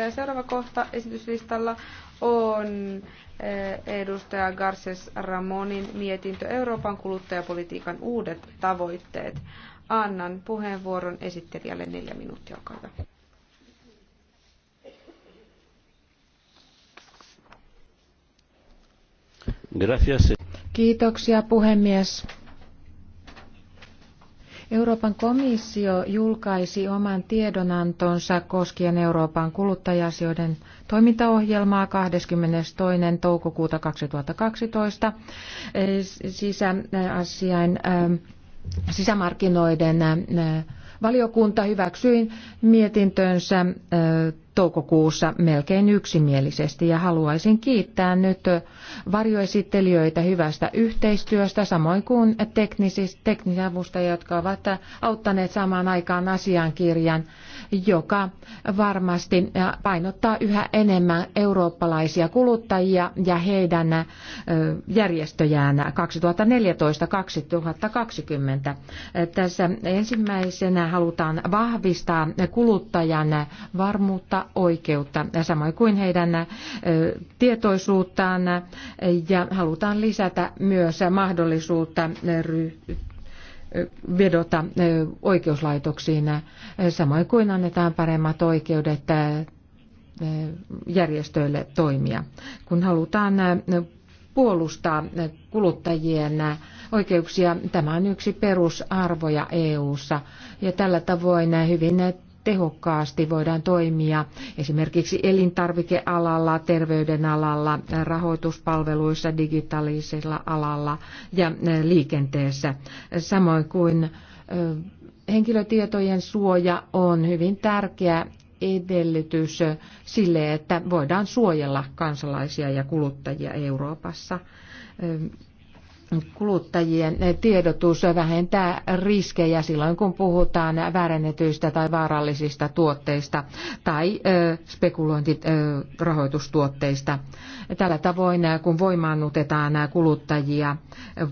Ja seuraava kohta esityslistalla on eh, edustaja Garces Ramonin mietintö Euroopan kuluttajapolitiikan uudet tavoitteet. Annan puheenvuoron esittelijälle neljä minuuttia, olkaa hyvä. Kiitoksia puhemies. Euroopan komissio julkaisi oman tiedonantonsa koskien Euroopan kuluttajasioiden toimintaohjelmaa 22. toukokuuta 2012 ähm, sisämarkkinoiden äh, valiokunta hyväksyi mietintönsä äh, toukokuussa melkein yksimielisesti ja haluaisin kiittää nyt varjoesittelijöitä hyvästä yhteistyöstä, samoin kuin teknisiä avustajia, jotka ovat auttaneet saamaan aikaan asiankirjan, joka varmasti painottaa yhä enemmän eurooppalaisia kuluttajia ja heidän järjestöjään 2014-2020. Tässä ensimmäisenä halutaan vahvistaa kuluttajan varmuutta ja oikeutta, samoin kuin heidän tietoisuuttaan ja halutaan lisätä myös mahdollisuutta vedota oikeuslaitoksiin, samoin kuin annetaan paremmat oikeudet järjestöille toimia. Kun halutaan puolustaa kuluttajien oikeuksia, tämä on yksi perusarvoja EU:ssa ja tällä tavoin hyvin tehokkaasti voidaan toimia esimerkiksi elintarvikealalla, terveydenalalla, rahoituspalveluissa, digitaalisella alalla ja eh, liikenteessä. Samoin kuin eh, henkilötietojen suoja on hyvin tärkeä edellytys sille, että voidaan suojella kansalaisia ja kuluttajia Euroopassa. Eh, kuluttajien tiedotus vähentää riskejä silloin, kun puhutaan väärennetyistä tai vaarallisista tuotteista tai spekulointirahoitustuotteista. Tällä tavoin, kun voimaannutetaan kuluttajia,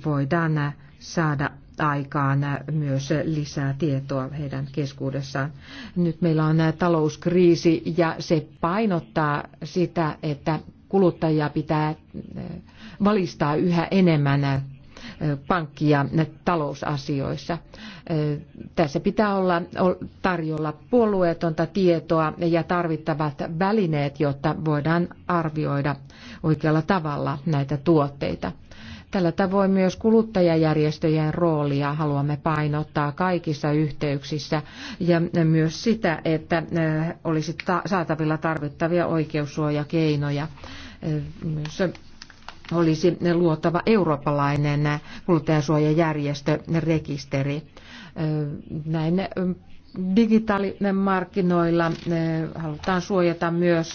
voidaan saada aikaan myös lisää tietoa heidän keskuudessaan. Nyt meillä on talouskriisi ja se painottaa sitä, että kuluttajia pitää valistaa yhä enemmän pankki- ja talousasioissa. Tässä pitää olla tarjolla puolueetonta tietoa ja tarvittavat välineet, jotta voidaan arvioida oikealla tavalla näitä tuotteita. Tällä tavoin myös kuluttajajärjestöjen roolia haluamme painottaa kaikissa yhteyksissä ja myös sitä, että olisi saatavilla tarvittavia oikeussuojakeinoja. Myös olisi luotava eurooppalainen kuluttajansuojajärjestörekisteri. Näin digitaalinen markkinoilla halutaan suojata myös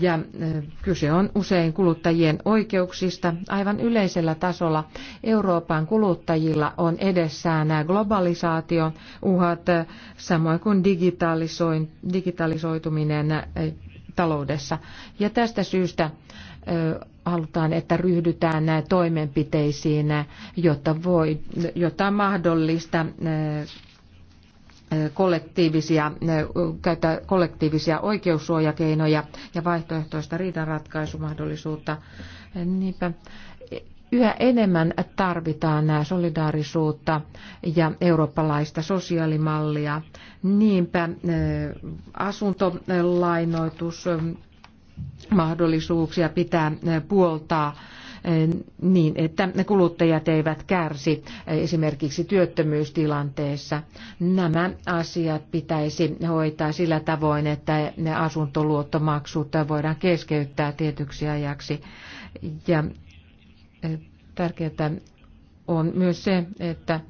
ja kyse on usein kuluttajien oikeuksista. Aivan yleisellä tasolla Euroopan kuluttajilla on edessään nämä globalisaation uhat, samoin kuin digitalisoituminen taloudessa. Ja tästä syystä halutaan, että ryhdytään toimenpiteisiin, jotta, voi, jotta on mahdollista kollektiivisia, käyttää kollektiivisia oikeussuojakeinoja ja vaihtoehtoista riidanratkaisumahdollisuutta. Niinpä yhä enemmän tarvitaan solidaarisuutta ja eurooppalaista sosiaalimallia. Niinpä asuntolainoitus mahdollisuuksia pitää puoltaa niin, että kuluttajat eivät kärsi esimerkiksi työttömyystilanteessa. Nämä asiat pitäisi hoitaa sillä tavoin, että ne asuntoluottomaksut voidaan keskeyttää tietyksi ajaksi. Ja tärkeää on myös se, että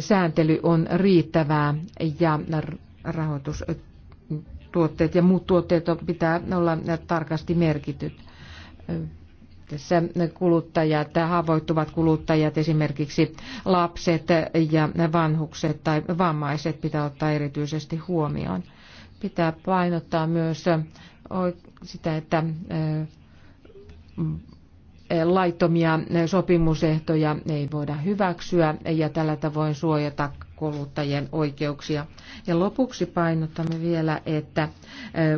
sääntely on riittävää ja rahoitus tuotteet ja muut tuotteet pitää olla tarkasti merkityt. Tässä kuluttajat, haavoittuvat kuluttajat, esimerkiksi lapset ja vanhukset tai vammaiset pitää ottaa erityisesti huomioon. Pitää painottaa myös sitä, että eh, laittomia sopimusehtoja ei voida hyväksyä ja tällä tavoin suojata kuluttajien oikeuksia. Ja lopuksi painottamme vielä, että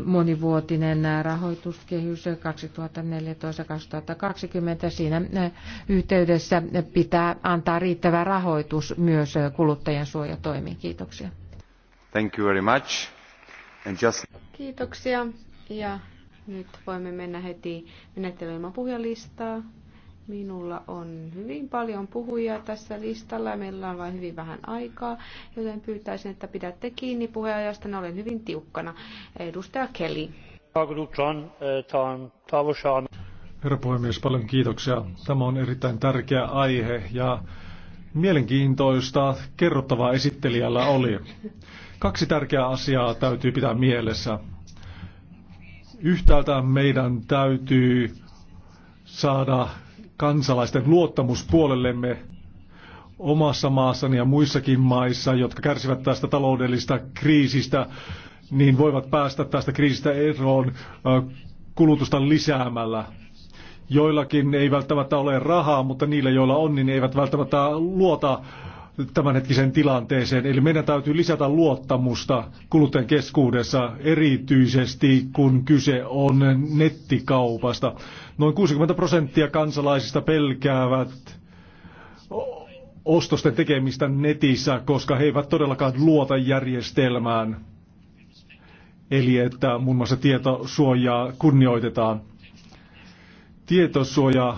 monivuotinen rahoituskehys 2014-2020 siinä yhteydessä pitää antaa riittävä rahoitus myös kuluttajien suojatoimiin. Kiitoksia. Thank you very much. And just... Kiitoksia. Ja nyt voimme mennä heti menettelyilman puhujalistaa. Minulla on hyvin paljon puhujia tässä listalla ja meillä on vain hyvin vähän aikaa, joten pyytäisin, että pidätte kiinni puheenajasta. Ne olen hyvin tiukkana. Edustaja Kelly. Herra puhemies, paljon kiitoksia. Tämä on erittäin tärkeä aihe ja mielenkiintoista kerrottavaa esittelijällä oli. Kaksi tärkeää asiaa täytyy pitää mielessä. Yhtäältä meidän täytyy saada kansalaisten luottamus puolellemme omassa maassani ja muissakin maissa, jotka kärsivät tästä taloudellista kriisistä, niin voivat päästä tästä kriisistä eroon kulutusta lisäämällä. Joillakin ei välttämättä ole rahaa, mutta niillä, joilla on, niin eivät välttämättä luota tämänhetkiseen tilanteeseen. Eli meidän täytyy lisätä luottamusta kuluttajan keskuudessa, erityisesti kun kyse on nettikaupasta. Noin 60 prosenttia kansalaisista pelkäävät ostosten tekemistä netissä, koska he eivät todellakaan luota järjestelmään. Eli että muun muassa tietosuojaa kunnioitetaan. Tietosuoja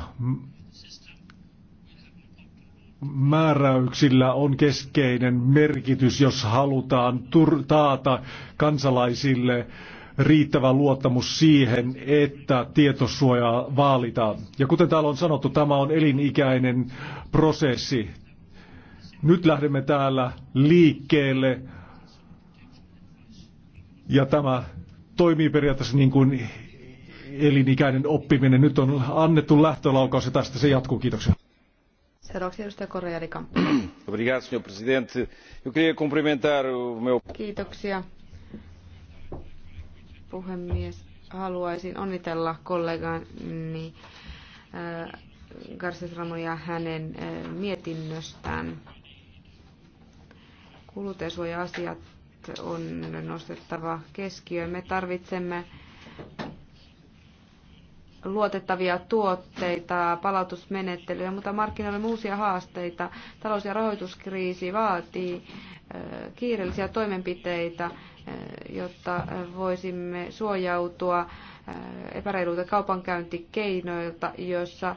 määräyksillä on keskeinen merkitys, jos halutaan taata kansalaisille riittävä luottamus siihen, että tietosuojaa vaalitaan. Ja kuten täällä on sanottu, tämä on elinikäinen prosessi. Nyt lähdemme täällä liikkeelle ja tämä toimii periaatteessa niin kuin elinikäinen oppiminen. Nyt on annettu lähtölaukaus ja tästä se jatkuu. Kiitoksia. Seuraavaksi Kiitoksia, puhemies. Haluaisin onnitella kollegani äh, Garces Ramoja hänen äh, mietinnöstään. kuluttajansuoja asiat on nostettava keskiöön. Me tarvitsemme luotettavia tuotteita, palautusmenettelyjä, mutta markkinoilla on uusia haasteita. Talous- ja rahoituskriisi vaatii kiireellisiä toimenpiteitä, jotta voisimme suojautua epäreiluilta kaupankäyntikeinoilta, joissa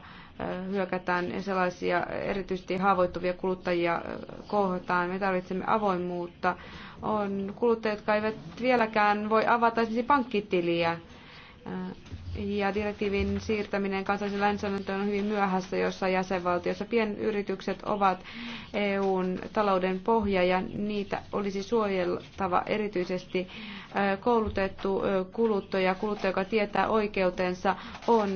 hyökätään sellaisia erityisesti haavoittuvia kuluttajia kohtaan. Me tarvitsemme avoimuutta. On kuluttajia, jotka eivät vieläkään voi avata esimerkiksi pankkitiliä ja direktiivin siirtäminen kansallisen lainsäädäntöön on hyvin myöhässä, jossa jäsenvaltiossa pienyritykset ovat EUn talouden pohja ja niitä olisi suojeltava erityisesti koulutettu kuluttaja. Kuluttaja, joka tietää oikeutensa, on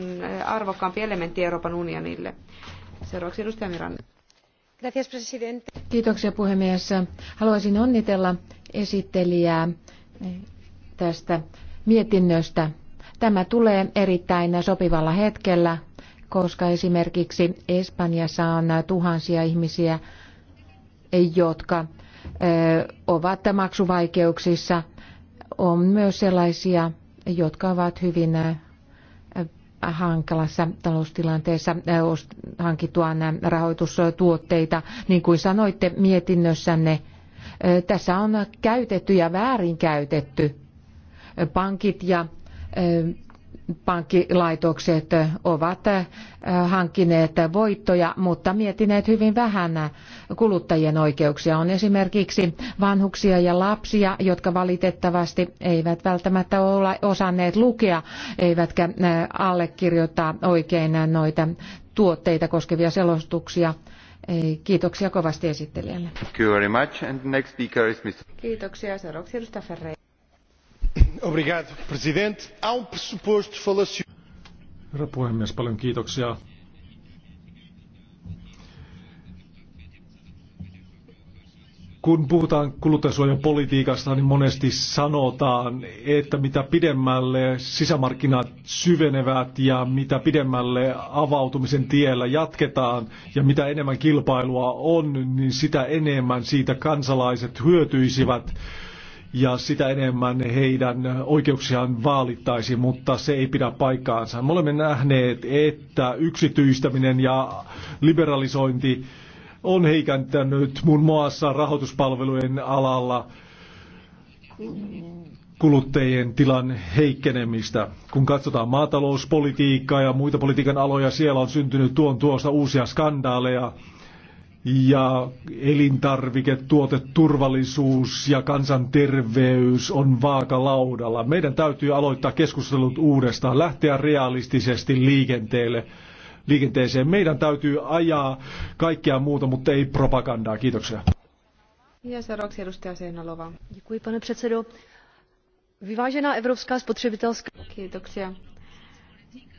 arvokkaampi elementti Euroopan unionille. Seuraavaksi edustaja Miranne. Kiitoksia puhemies. Haluaisin onnitella esittelijää e, tästä mietinnöstä. Tämä tulee erittäin sopivalla hetkellä, koska esimerkiksi Espanjassa on tuhansia ihmisiä, jotka ovat maksuvaikeuksissa. On myös sellaisia, jotka ovat hyvin hankalassa taloustilanteessa nämä rahoitustuotteita. Niin kuin sanoitte mietinnössänne, tässä on käytetty ja väärinkäytetty. Pankit ja pankkilaitokset ovat hankkineet voittoja, mutta mietineet hyvin vähän kuluttajien oikeuksia. On esimerkiksi vanhuksia ja lapsia, jotka valitettavasti eivät välttämättä ole osanneet lukea, eivätkä allekirjoittaa oikein noita tuotteita koskevia selostuksia. Kiitoksia kovasti esittelijälle. Kiitoksia. Seuraavaksi edustaja Ferreira arvoisa um puhemies, paljon kiitoksia. Kun puhutaan kuluttajansuojan politiikasta, niin monesti sanotaan, että mitä pidemmälle sisämarkkinat syvenevät ja mitä pidemmälle avautumisen tiellä jatketaan ja mitä enemmän kilpailua on, niin sitä enemmän siitä kansalaiset hyötyisivät ja sitä enemmän heidän oikeuksiaan vaalittaisi, mutta se ei pidä paikkaansa. Me olemme nähneet, että yksityistäminen ja liberalisointi on heikentänyt muun muassa rahoituspalvelujen alalla kuluttajien tilan heikkenemistä. Kun katsotaan maatalouspolitiikkaa ja muita politiikan aloja, siellä on syntynyt tuon tuosta uusia skandaaleja ja elintarviketuoteturvallisuus ja kansanterveys on vaakalaudalla. Meidän täytyy aloittaa keskustelut uudestaan, lähteä realistisesti liikenteelle, liikenteeseen. Meidän täytyy ajaa kaikkea muuta, mutta ei propagandaa. Kiitoksia. Ja seuraavaksi edustaja Seinalova. Děkuji, pane předsedo. Vyvážená evropská spotřebitelská... Kiitoksia.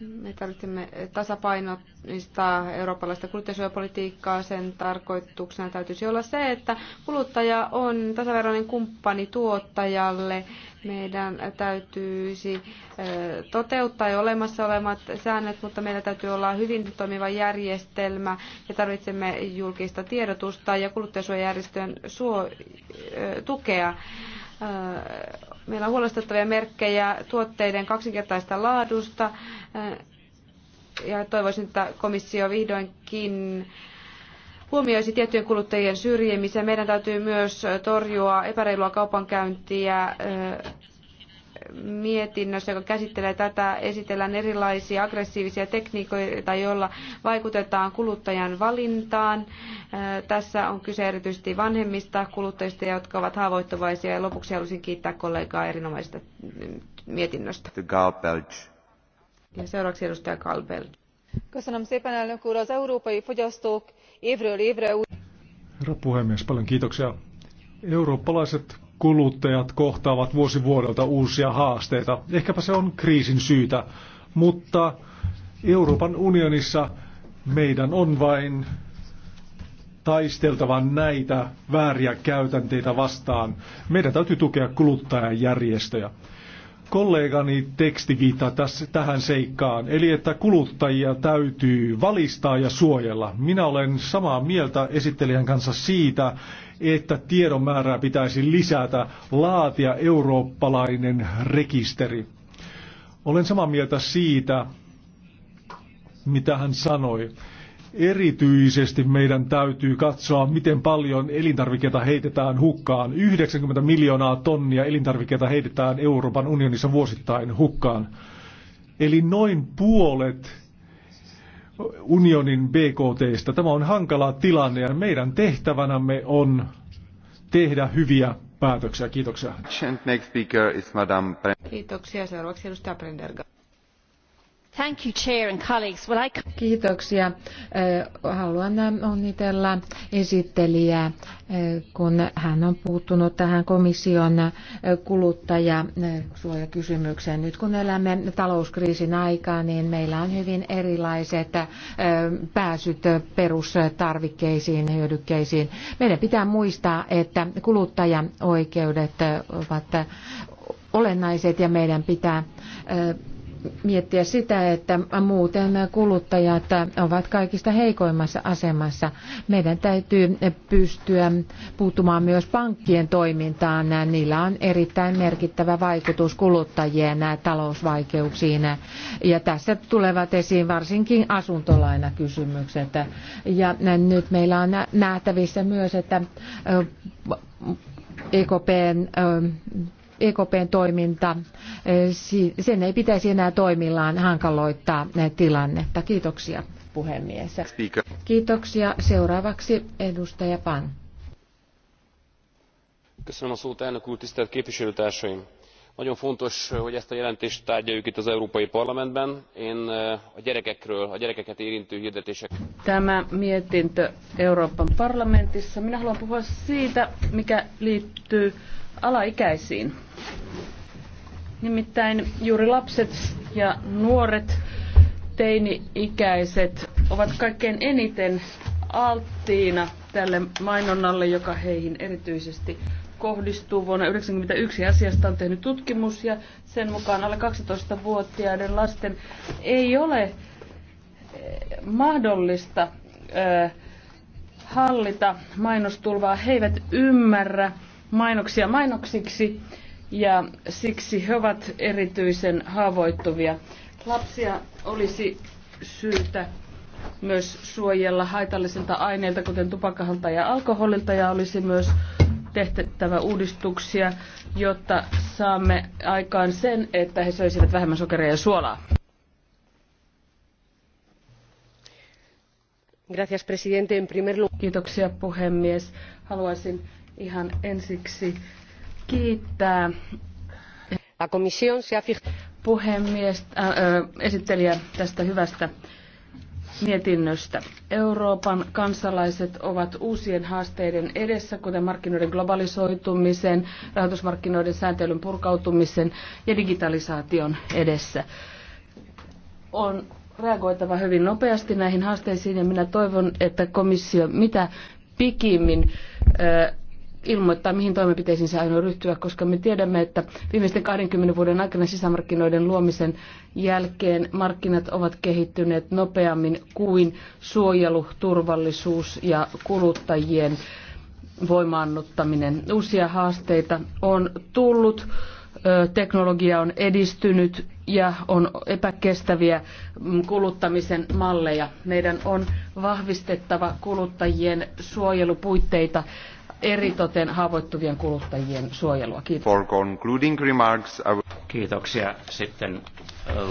Me tarvitsemme tasapainoista eurooppalaista kuluttajasuojapolitiikkaa. Sen tarkoituksena täytyisi olla se, että kuluttaja on tasaveroinen kumppani tuottajalle. Meidän täytyisi toteuttaa jo olemassa olevat säännöt, mutta meillä täytyy olla hyvin toimiva järjestelmä ja tarvitsemme julkista tiedotusta ja kuluttajasuojajärjestön suo- tukea Meillä on huolestuttavia merkkejä tuotteiden kaksinkertaista laadusta ja toivoisin, että komissio vihdoinkin huomioisi tiettyjen kuluttajien syrjimisen. Meidän täytyy myös torjua epäreilua kaupankäyntiä mietinnössä, joka käsittelee tätä, esitellään erilaisia aggressiivisia tekniikoita, joilla vaikutetaan kuluttajan valintaan. Tässä on kyse erityisesti vanhemmista kuluttajista, jotka ovat haavoittuvaisia. Ja lopuksi haluaisin kiittää kollegaa erinomaisesta mm, mietinnöstä. Ja seuraavaksi edustaja Kalbel. Herra puhemies, paljon kiitoksia. Eurooppalaiset kuluttajat kohtaavat vuosi vuodelta uusia haasteita. Ehkäpä se on kriisin syytä, mutta Euroopan unionissa meidän on vain taisteltava näitä vääriä käytänteitä vastaan. Meidän täytyy tukea kuluttajajärjestöjä. Kollegani teksti viittaa tässä, tähän seikkaan, eli että kuluttajia täytyy valistaa ja suojella. Minä olen samaa mieltä esittelijän kanssa siitä, että tiedon määrää pitäisi lisätä, laatia eurooppalainen rekisteri. Olen samaa mieltä siitä, mitä hän sanoi. Erityisesti meidän täytyy katsoa, miten paljon elintarvikkeita heitetään hukkaan. 90 miljoonaa tonnia elintarvikkeita heitetään Euroopan unionissa vuosittain hukkaan. Eli noin puolet unionin BKTstä. Tämä on hankala tilanne ja meidän tehtävänämme on tehdä hyviä päätöksiä. Kiitoksia. Kiitoksia. Seuraavaksi edustaja Prendergast. Kiitoksia. Haluan onnitella esittelijää, kun hän on puuttunut tähän komission kuluttajasuojakysymykseen. Nyt kun elämme talouskriisin aikaa, niin meillä on hyvin erilaiset pääsyt perustarvikkeisiin, hyödykkeisiin. Meidän pitää muistaa, että kuluttajaoikeudet oikeudet ovat olennaiset ja meidän pitää miettiä sitä, että muuten kuluttajat ovat kaikista heikoimmassa asemassa. Meidän täytyy pystyä puuttumaan myös pankkien toimintaan. Niillä on erittäin merkittävä vaikutus kuluttajien talousvaikeuksiin. Ja tässä tulevat esiin varsinkin asuntolainakysymykset. Ja nyt meillä on nähtävissä myös, että EKPn EKPn toiminta, eh, sen ei pitäisi enää toimillaan hankaloittaa eh, tilannetta. Kiitoksia puhemies. Kiitoksia. Seuraavaksi edustaja Pan. Köszönöm a szót, elnök úr, tisztelt képviselőtársaim! Nagyon fontos, hogy ezt a jelentést tárgyaljuk itt az Európai Parlamentben. Én eh, a gyerekekről, a gyerekeket érintő hirdetések... Tämä mietintö Euroopan parlamentissa. Minä haluan puhua siitä, mikä liittyy alaikäisiin. Nimittäin juuri lapset ja nuoret teini-ikäiset ovat kaikkein eniten alttiina tälle mainonnalle, joka heihin erityisesti kohdistuu. Vuonna 1991 asiasta on tehnyt tutkimus ja sen mukaan alle 12-vuotiaiden lasten ei ole eh, mahdollista eh, hallita mainostulvaa. He eivät ymmärrä mainoksia mainoksiksi ja siksi he ovat erityisen haavoittuvia. Lapsia olisi syytä myös suojella haitallisilta aineilta, kuten tupakahalta ja alkoholilta, ja olisi myös tehtävä uudistuksia, jotta saamme aikaan sen, että he söisivät vähemmän sokeria ja suolaa. Kiitoksia puhemies. Haluaisin ihan ensiksi kiittää La comisión se ha puhemies, äh, äh, esittelijä tästä hyvästä mietinnöstä. Euroopan kansalaiset ovat uusien haasteiden edessä, kuten markkinoiden globalisoitumisen, rahoitusmarkkinoiden sääntelyn purkautumisen ja digitalisaation edessä. On reagoitava hyvin nopeasti näihin haasteisiin ja minä toivon, että komissio mitä pikimmin äh, ilmoittaa, mihin toimenpiteisiin se aina ryhtyä, koska me tiedämme, että viimeisten 20 vuoden aikana sisämarkkinoiden luomisen jälkeen markkinat ovat kehittyneet nopeammin kuin suojelu, turvallisuus ja kuluttajien voimaannuttaminen. Uusia haasteita on tullut, teknologia on edistynyt ja on epäkestäviä mm, kuluttamisen malleja. Meidän on vahvistettava kuluttajien suojelupuitteita eritoten haavoittuvien kuluttajien suojelua. Kiitos. For concluding remarks, I... Kiitoksia. Sitten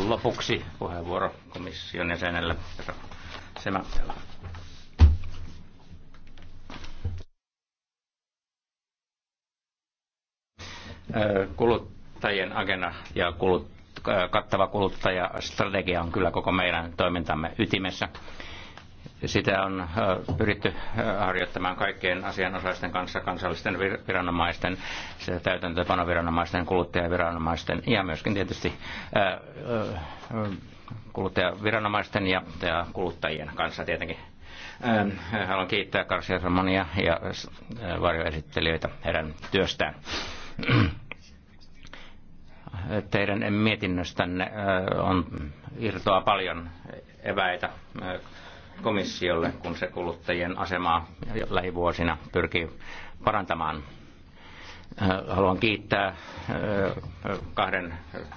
lopuksi puheenvuoro komission jäsenelle. Semättelä. Kuluttajien agenda ja kulut, kattava kuluttajastrategia on kyllä koko meidän toimintamme ytimessä. Sitä on äh, pyritty äh, harjoittamaan kaikkien asianosaisten kanssa, kansallisten viranomaisten, täytäntöpanoviranomaisten, kuluttajaviranomaisten ja myöskin tietysti äh, kuluttajaviranomaisten ja kuluttajien kanssa tietenkin. Ähm, haluan kiittää Karsia Ramonia ja varjoesittelijöitä heidän työstään teidän mietinnöstänne on irtoa paljon eväitä komissiolle, kun se kuluttajien asemaa lähivuosina pyrkii parantamaan. Äh, haluan kiittää äh, kahden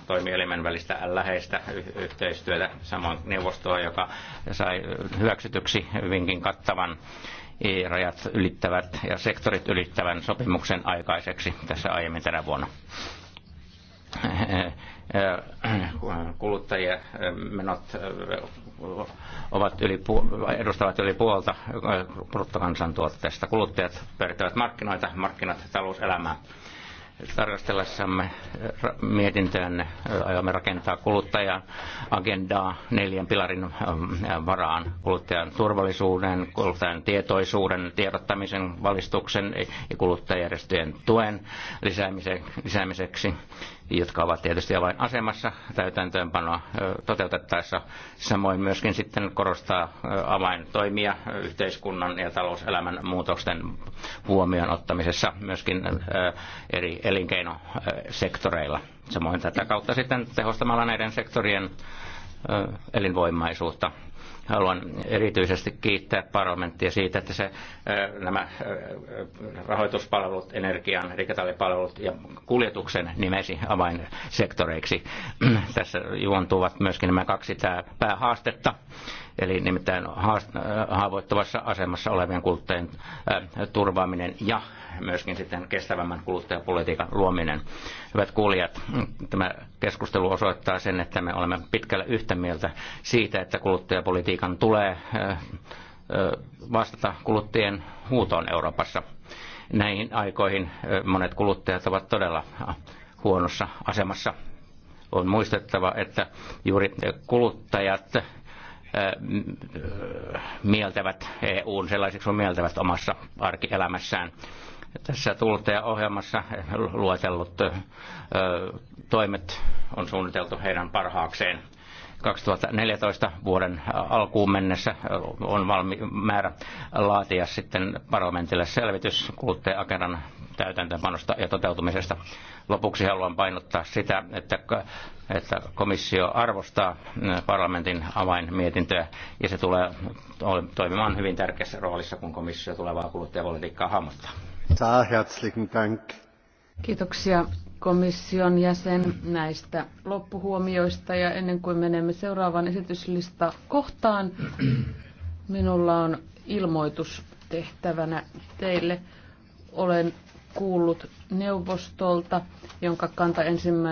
toimielimen välistä läheistä yhteistyötä, samoin neuvostoa, joka sai hyväksytyksi hyvinkin kattavan e, rajat ylittävät ja sektorit ylittävän sopimuksen aikaiseksi tässä aiemmin tänä vuonna. Äh, äh, äh, kuluttajien menot ovat yli, edustavat yli puolta bruttokansantuotteesta. Kuluttajat pyörittävät markkinoita, markkinat talouselämää. Tarkastellessamme mietintöönne ajamme rakentaa kuluttajan agendaa neljän pilarin varaan. Kuluttajan turvallisuuden, kuluttajan tietoisuuden, tiedottamisen, valistuksen ja kuluttajajärjestöjen tuen lisäämiseksi jotka ovat tietysti avainasemassa täytäntöönpanoa toteutettaessa. Samoin myöskin sitten korostaa avaintoimia yhteiskunnan ja talouselämän muutosten huomioon ottamisessa myöskin eri elinkeinosektoreilla. Samoin tätä kautta sitten tehostamalla näiden sektorien elinvoimaisuutta Haluan erityisesti kiittää parlamenttia siitä, että se, nämä rahoituspalvelut, energian, digitaalipalvelut ja kuljetuksen nimesi avainsektoreiksi. Tässä juontuvat myöskin nämä kaksi tämä päähaastetta, eli nimittäin haavoittuvassa asemassa olevien kuluttajien turvaaminen ja myöskin sitten kestävämmän kuluttajapolitiikan luominen. Hyvät kuulijat, tämä keskustelu osoittaa sen, että me olemme pitkälle yhtä mieltä siitä, että kuluttajapolitiikan tulee vastata kuluttajien huutoon Euroopassa. Näihin aikoihin monet kuluttajat ovat todella huonossa asemassa. On muistettava, että juuri kuluttajat mieltävät EUn sellaiseksi on mieltävät omassa arkielämässään. Tässä ohjelmassa luetellut toimet on suunniteltu heidän parhaakseen. 2014 vuoden alkuun mennessä on valmi, määrä laatia sitten parlamentille selvitys kuluttaja-agendan täytäntöönpanosta ja toteutumisesta. Lopuksi haluan painottaa sitä, että, että komissio arvostaa parlamentin avainmietintöä ja se tulee toimimaan hyvin tärkeässä roolissa, kun komissio tulevaa kuluttajapolitiikkaa hahmottaa. Kiitoksia komission jäsen näistä loppuhuomioista ja ennen kuin menemme seuraavaan esityslista kohtaan, minulla on ilmoitus tehtävänä teille. Olen kuullut neuvostolta, jonka kanta ensimmäinen